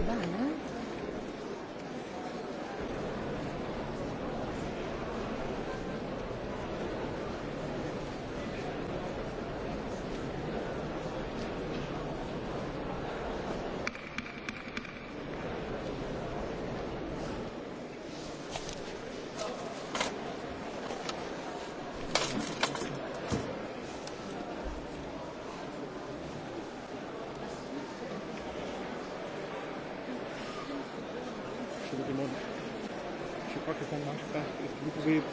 Bene. We've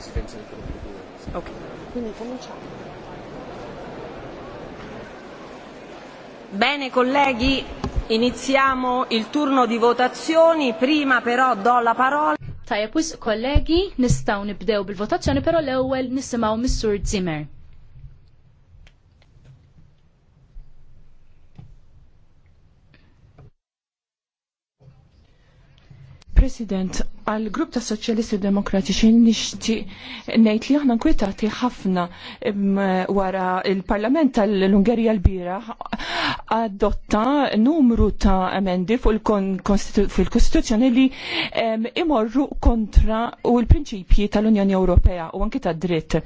Presidenza del gruppo 2. Ok, quindi cominciamo. Bene colleghi, iniziamo il turno di votazioni, prima però do la parola. Tajja, kollegi, nistaw nibdew bil-votazzjoni, pero l ewel nisimaw Missur Zimmer. President, għal grupp ta' Soċjalisti Demokratiċi nixti ngħid li aħna nkwetati ħafna wara il-Parlament tal-Ungerija l-bira adotta numru ta' emendi fil-Kostituzzjoni li imorru kontra u l-prinċipji tal-Unjoni Ewropea u anki tad dritt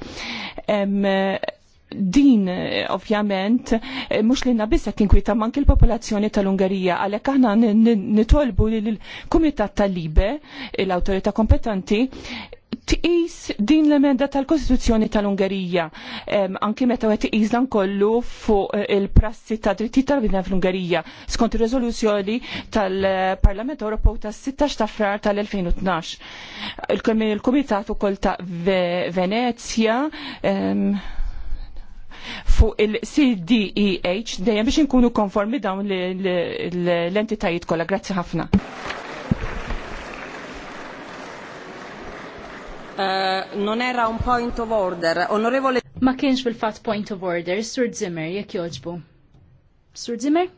din eh, ovvjament eh, mhux li biss qed tinkwita manki l-popolazzjoni tal-Ungerija għalhekk aħna nitolbu li l-Kumitat tal-Libe l-awtorità kompetenti tqis din l-emenda tal-Kostituzzjoni tal-Ungerija anki meta qed iqis dan kollu fuq eh, il-prassi ta' dritti tal-bidna fl-Ungerija skont ir-riżoluzzjoni tal-Parlament Ewropew tas-16 ta' frar tal-2012. Il-Kumitat ukoll ta' Venezja fuq il-CDEH dejjem biex inkunu konformi dawn l-entitajiet kollha. Grazzi ħafna. Uh, non era un point of order. Onorevole... Ma kienx fil-fat point of order, Sur Zimmer, jekk joġbu. Sur Zimmer?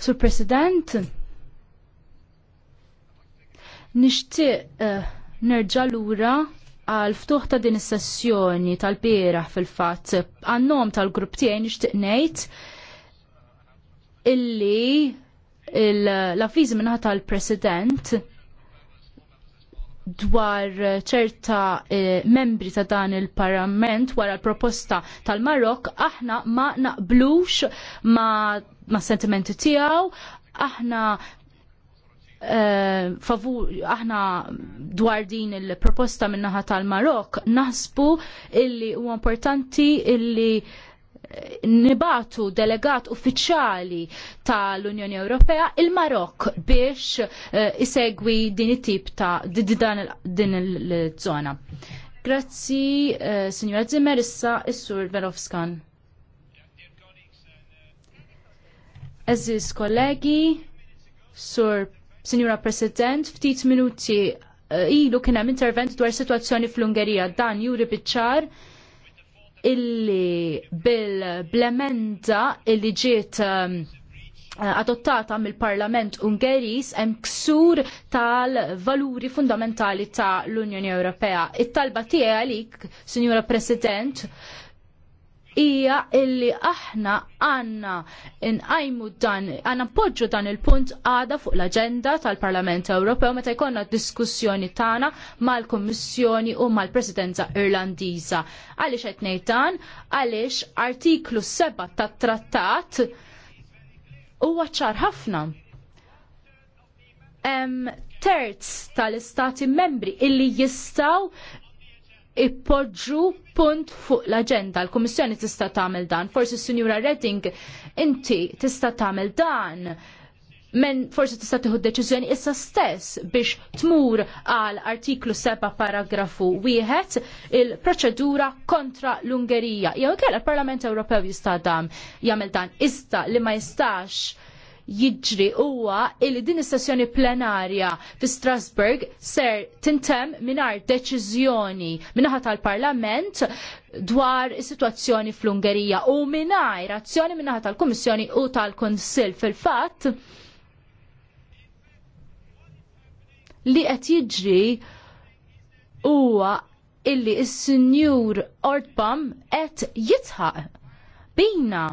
Sur President, Nishti, uh, eh, nerġa' lura għal ftuħ ta' din is-sessjoni tal-bieraħ fil-fatt għannom tal-grupp tiegħi nixtieq ngħid illi l-avviż minnaħa tal-President dwar ċerta eh, membri ta' dan il-Parlament wara l-proposta tal-Marok aħna ma naqblux ma sentimenti tiegħu aħna Uh, eh, favur aħna dwar din il-proposta min-naħa tal-Marok naħsbu illi u importanti illi eh, nibatu delegat uffiċjali tal-Unjoni Ewropea il-Marok biex uh, isegwi din it-tip ta' din il-żona. Grazzi, uh, Signora Zimmer, issa is-Sur Verovskan. Eżis kollegi, Sur Signora President, ftit minuti eh, ilu kien hemm intervent dwar sitwazzjoni fl-Ungerija. Dan juri biċċar illi bil-blemenda illi ġiet ehm, eh, adottata mill-Parlament Ungeris hemm ksur tal-valuri fundamentali tal unjoni Ewropea. It-talba tiegħi għalik, President, hija illi aħna għanna inqajmu dan, għanna poġġu dan il-punt għada fuq l-agenda tal-Parlament Ewropew meta jkollna diskussjoni tagħna mal-Kummissjoni u mal-Presidenza Irlandiża. Għaliex qed ngħid dan, għaliex artiklu 7 tat-trattat huwa ċar ħafna. Terz tal-istati membri illi jistaw ippoġġu punt fuq l-agenda. L-Kummissjoni tista' tagħmel dan. Forsi Sinjura Redding inti tista' tagħmel dan. Men forsi tista' tieħu deċiżjoni issa stess biex tmur għal artiklu 7 paragrafu wieħed il-proċedura kontra l-Ungerija. Jew kellha l il-Parlament Ewropew jista' dam jagħmel dan issa li ma jistax jiġri huwa li din is-sessjoni plenarja fi Strasburg ser tintem mingħajr deċiżjoni min-naħa tal-Parlament dwar is-sitwazzjoni fl-Ungerija u mingħajr azzjoni min-naħa tal-Kummissjoni u tal-Kunsill fil-fatt li qed jiġri huwa illi s-Sinjur Ortbam qed jitħaq bina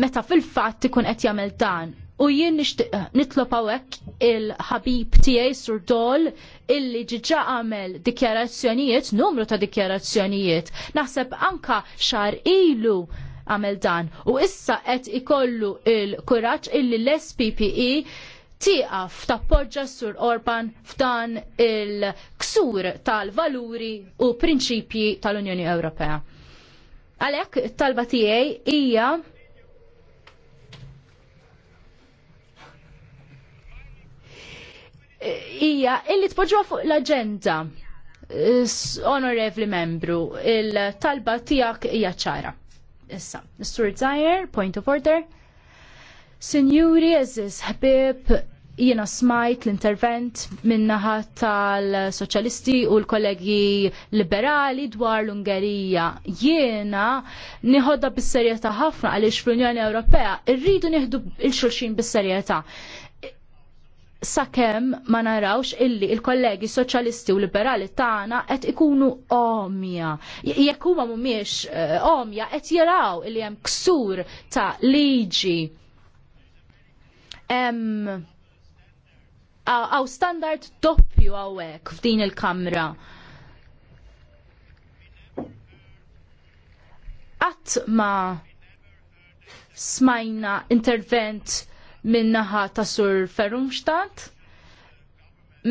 meta fil-fatt ikun qed jagħmel dan. U jien eh, nitlob hawnhekk il-ħabib tiegħi sur dol illi ġiġa għamel dikjarazzjonijiet, numru ta' dikjarazzjonijiet. Naħseb anka xar ilu għamel dan. U issa qed ikollu il-kuraġġ illi l-SPPE tieqaf tappoġġa sur Orban f'dan il-ksur tal-valuri u prinċipji tal-Unjoni Ewropea. Għalhekk it-talba tiegħi hija hija illi tpoġġuha fuq l-aġenda. Onorevli membru, il-talba tiegħek hija ċara. Issa, Mr. Zajer, point of order. Sinjuri, eżis, ħbib, jiena smajt l-intervent minnaħa tal-soċjalisti u l-kollegi liberali dwar l-Ungerija. Jiena niħodda bis-serjetà ħafna għaliex fl-Unjoni Ewropea irridu nieħdu il-xulxin bis-serjetà sakemm ma narawx illi il-kollegi soċjalisti u liberali tagħna qed ikunu omja. Jekk huma mhumiex eh, omja qed jaraw illi hemm ksur ta' liġi. Hemm għaw standard doppju hawnhekk f'din il-kamra. Qatt ma smajna intervent min-naħa ta' Sur Ferumstadt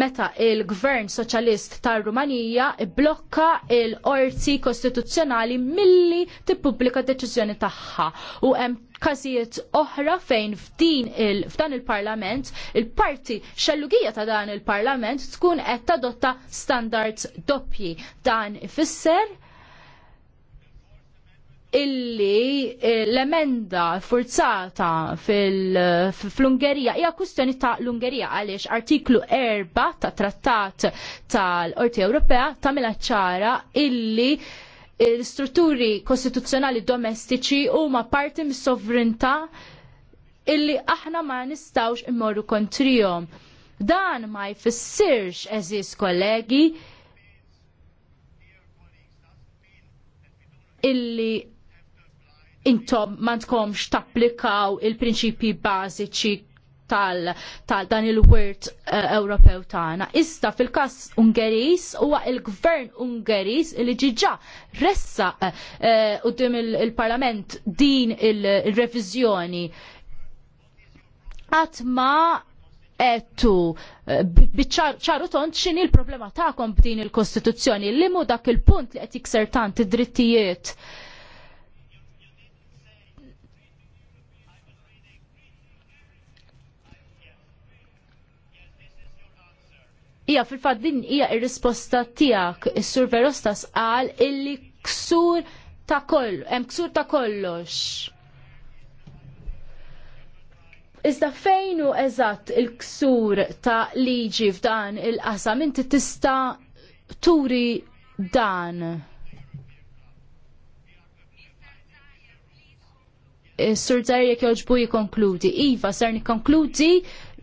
meta il-Gvern Soċjalist tar rumanija blokka il-Qorti Kostituzzjonali milli tippubblika deċiżjoni tagħha u hemm każijiet oħra fejn f'din il f'dan il-Parlament il-parti xellugija ta' dan il-Parlament tkun qed tadotta standards doppji. Dan ifisser illi eh, l-emenda forzata fil-Ungerija hija kwistjoni ta' l-Ungerija għaliex artiklu 4 ta' trattat tal orti Ewropea tagħmilha ċara illi eh, l-strutturi kostituzzjonali domestiċi huma parti mis-sovrinta illi aħna ma nistawx immorru kontrihom. Dan ma jfissirx eżis kollegi illi intom ma tkomx tapplikaw il-prinċipji bażiċi tal, tal dan il-wirt uh, Ewropew tagħna. Issa fil-każ Ungeris huwa il-Gvern Ungeris li ġiġa ressa eh, qudiem uh, il-Parlament il din il-reviżjoni qatt ma għettu eh, bċaru tont xin il-problema ta'kom b'din il-Kostituzzjoni li mu dak il-punt li għet jikser tant id-drittijiet Ija fil-fat din hija il risposta tiegħek is-Sur Verostas qal illi ksur ta' kollu, hemm ksur ta' kollox. Iżda fejn hu eżatt il-ksur ta' liġi f'dan il-qasam inti tista' turi dan. Sur Zarjek jogħġbu jikonkludi. Iva, ser nikonkludi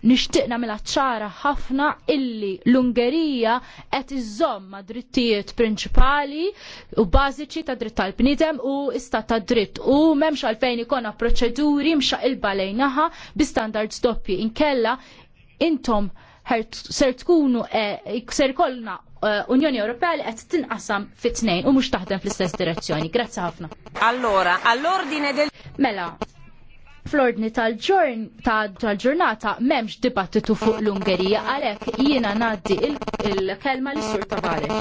nixtieq mela ċara ħafna illi l-Ungerija qed iżomm ma' drittijiet prinċipali u bażiċi ta' dritt tal-bniedem u istat ta' dritt u m'hemmx għalfejn ikona proċeduri mxaq il-balejnaħa bi standards doppji inkella intom ser tkunu e, ser kollna e, Unjoni Ewropea li qed tinqasam fit-tnejn u mhux taħdem fl-istess direzzjoni. Grazzi ħafna. Allora, all'ordine del Mela, fl-ordni tal-ġurnata memx dibattitu fuq l-Ungerija, għalek jiena naddi il-kelma lis sur Tavares.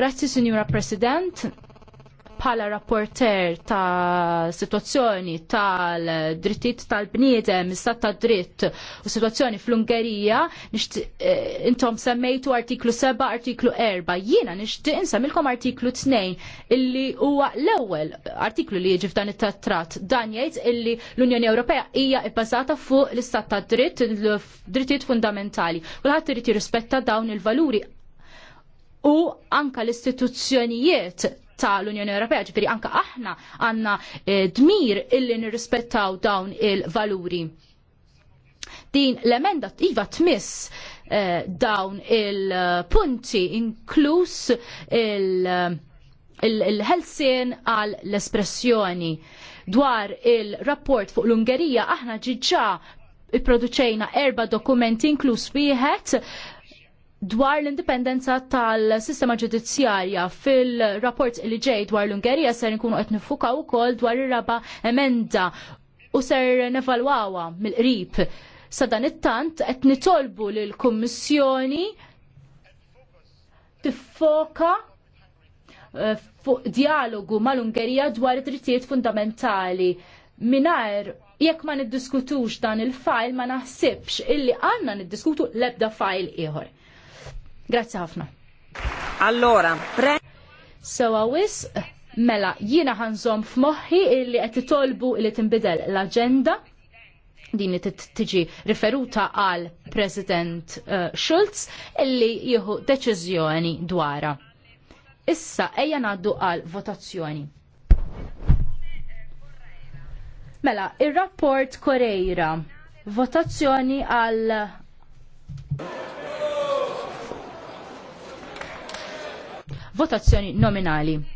Grazzi, Signora President bħala rapporter ta' situazzjoni tal-drittijiet tal-bniedem, istat ta' dritt u situazzjoni fl-Ungerija, eh, intom semmejtu artiklu 7, artiklu 4. Jiena nixtieq insemmilkom artiklu 2 illi huwa l-ewwel artiklu li jiġi f'dan it-trattrat. Dan jgħid illi l-Unjoni Ewropea hija ibbażata fuq l-istat ta' dritt, drittijiet fundamentali. Kulħadd irid jirrispetta dawn il-valuri u anka l-istituzzjonijiet tal-Unjoni Ewropea, ġifiri anke aħna għandna eh, dmir illi nirrispettaw dawn il-valuri. Din l-emenda iva tmiss eh, dawn il-punti inkluż il- ħelsien ħelsin għal l-espressjoni. Dwar il-rapport fuq l-Ungerija aħna ġiġa produċejna erba dokumenti inkluż wieħed dwar l-indipendenza tal-sistema ġudizzjarja fil-rapport li ġej dwar l-Ungerija ser nkunu qed nifukaw ukoll dwar ir-raba emenda u ser nevalwawa mill-qrib. Sa dan it-tant qed nitolbu lil kummissjoni tiffoka eh, fuq dialogu mal-Ungerija dwar id-drittijiet fundamentali minar jekk ma niddiskutux dan il-fajl ma naħsibx illi għanna niddiskutu l-ebda fajl ieħor. Grazzi ħafna. Allora, pre. So, wis, mela, jiena ħanżom f'moħħi illi qed titolbu li tinbidel l agenda din tiġi riferuta għal President eh, Schulz illi jieħu deċiżjoni dwara. Issa ejja ngħaddu għal votazzjoni. Mela, ir-rapport Koreira, votazzjoni għal votazzjoni nominali.